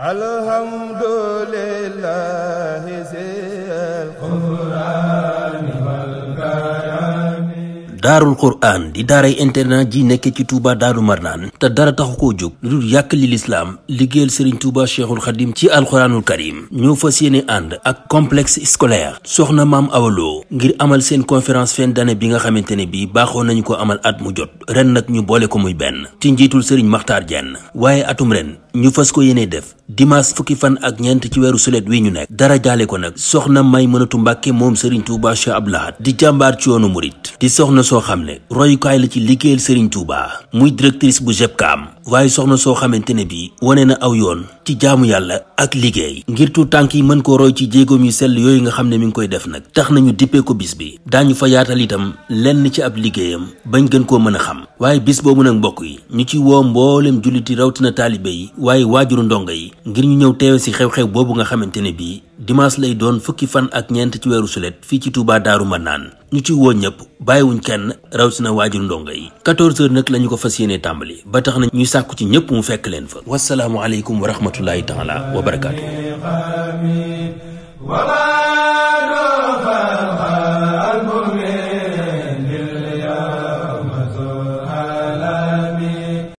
alhamdulillahi zil qurani daarul quraan di daaray internat ji nekk ci tuuba Daaru Marnaan te dara taxu koo jóg lu dul yàq li lislaam liggéeyal Serigne Touba Cheikhul Khadim ci alxuraanul karim ñoo fa yéene ànd ak complexe scolaire soxna maam awaloo ngir amal seen conférence fin d'année bi nga xamante ne bii baaxoon nañu ko amal at mu jot ren nag ñu boole ko muy benn ci njiitul Serigne Makhtar Diène waaye atum ren ñu fas ko yenee def dimanche fukki fan ak ñeent ci weeru sulet wi ñu nekk dara jaale ko nag soxna may mënatu mbàkke moom sëriñ tuuba cheikh abdou lahad di jàmbaar ci yoonu murit di soxna soo xam ne royukaay la ci liggéeyal sëriñ tuuba muy directrice bu am waaye soxna soo xamante ne bii wane na aw yoon ci jaamu yàlla ak liggéey ngir tu tànk yi mën koo roy ci jéegoom yu sell yooyu nga xam ne mu ngi koy def nag tax nañu dippee bis bi daañu fa yaatal itam lenn ci ab liggéeyam bañ gën koo mën a xam waaye bis boobu nag mbokk yi ñu ci woo mbooleem yi rawtina taalibe yi waaye waajuru ndongo yi ngir ñu ñëw teewe si xew-xew boobu nga xamante ne bii dimanche lay doon fukki fan ak ñeent ci weeru sulet fii ci tuubaa Daaru Manaan ñu ci woo ñëpp bàyyiwuñ kenn si rawatina waajur ndongo yi 14 heures nag lañu ko fas yéene tàmbali ba tax na ñuy sàkku ci ñëpp mu fekk leen fa wasalaamualeykum wa rahmatullahi taala wa barakaatu.